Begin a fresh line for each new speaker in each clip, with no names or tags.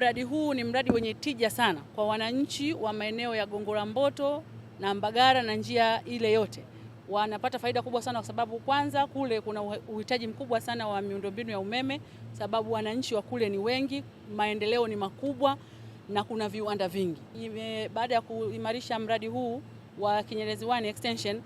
Mradi huu ni mradi wenye tija sana kwa wananchi wa maeneo ya gongora Mboto na mbagara na njia ile yote wanapata faida kubwa sana kwa sababu kwanza kule kuna uhitaji mkubwa sana wa miundombinu ya umeme, sababu wananchi wa kule ni wengi, maendeleo ni makubwa na kuna viwanda vingi. Baada ya kuimarisha mradi huu wa Kinyerezi One extension,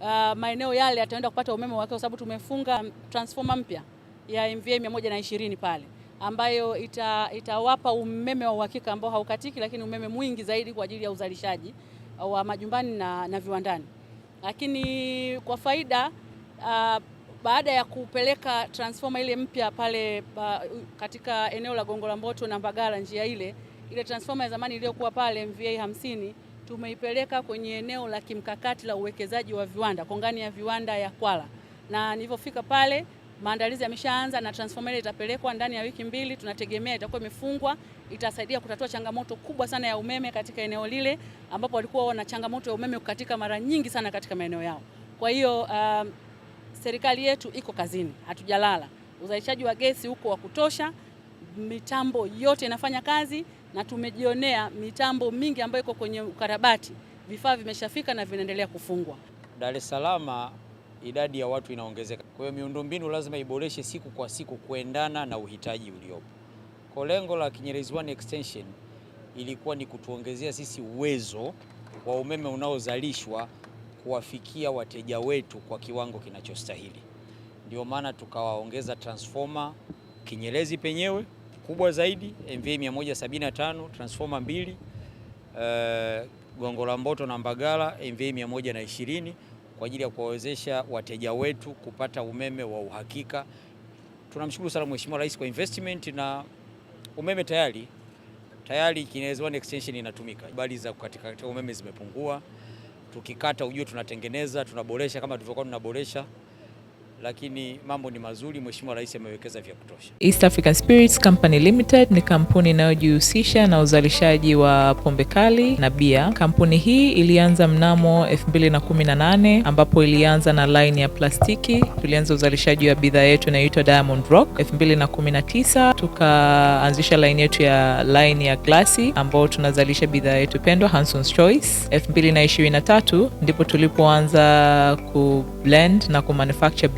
uh, maeneo yale yataenda kupata umeme wake kwa sababu tumefunga transformer mpya ya MVA 120 pale ambayo ita, itawapa umeme wa uhakika ambao haukatiki, lakini umeme mwingi zaidi kwa ajili ya uzalishaji wa majumbani na, na viwandani. Lakini kwa faida uh, baada ya kupeleka transformer ile mpya pale ba, katika eneo la Gongo la Mboto na Mbagala, njia ile ile transformer ya zamani iliyokuwa pale MVA hamsini tumeipeleka kwenye eneo la kimkakati la uwekezaji wa viwanda, kongani ya viwanda ya Kwala, na nilivyofika pale Maandalizi yameshaanza na transformer itapelekwa ndani ya wiki mbili, tunategemea itakuwa imefungwa, itasaidia kutatua changamoto kubwa sana ya umeme katika eneo lile, ambapo walikuwa wana changamoto ya umeme katika mara nyingi sana katika maeneo yao. Kwa hiyo uh, serikali yetu iko kazini, hatujalala. Uzalishaji wa gesi huko wa kutosha, mitambo yote inafanya kazi na tumejionea mitambo mingi ambayo iko kwenye ukarabati, vifaa vimeshafika na vinaendelea kufungwa.
Dar es Salaam idadi ya watu inaongezeka. Kwa hiyo miundombinu lazima iboreshe siku kwa siku kuendana na uhitaji uliopo. Kwa lengo la Kinyerezi One Extension ilikuwa ni kutuongezea sisi uwezo wa umeme unaozalishwa kuwafikia wateja wetu kwa kiwango kinachostahili. Ndio maana tukawaongeza transformer Kinyerezi penyewe kubwa zaidi MVA 175, transformer mbili, uh, Gongo la Mboto na Mbagala MVA 120 kwa ajili ya kuwawezesha wateja wetu kupata umeme wa uhakika. Tunamshukuru sana Mheshimiwa Rais kwa investment na umeme tayari tayari Kinerezani extension inatumika. Bali za katika umeme zimepungua, tukikata ujue tunatengeneza, tunaboresha kama tulivyokuwa tunaboresha lakini mambo ni mazuri, Mheshimiwa Rais amewekeza vya kutosha.
East African Spirits Company Limited ni kampuni inayojihusisha na, uzalishaji wa pombe kali na bia. Kampuni hii ilianza mnamo 2018 ambapo ilianza na line ya plastiki. Tulianza uzalishaji wa bidhaa yetu inayoitwa Diamond Rock. 2019 tukaanzisha line yetu ya line ya glasi ambao tunazalisha bidhaa yetu pendwa Hanson's Choice. 2023 ndipo tulipoanza blend na ku manufacture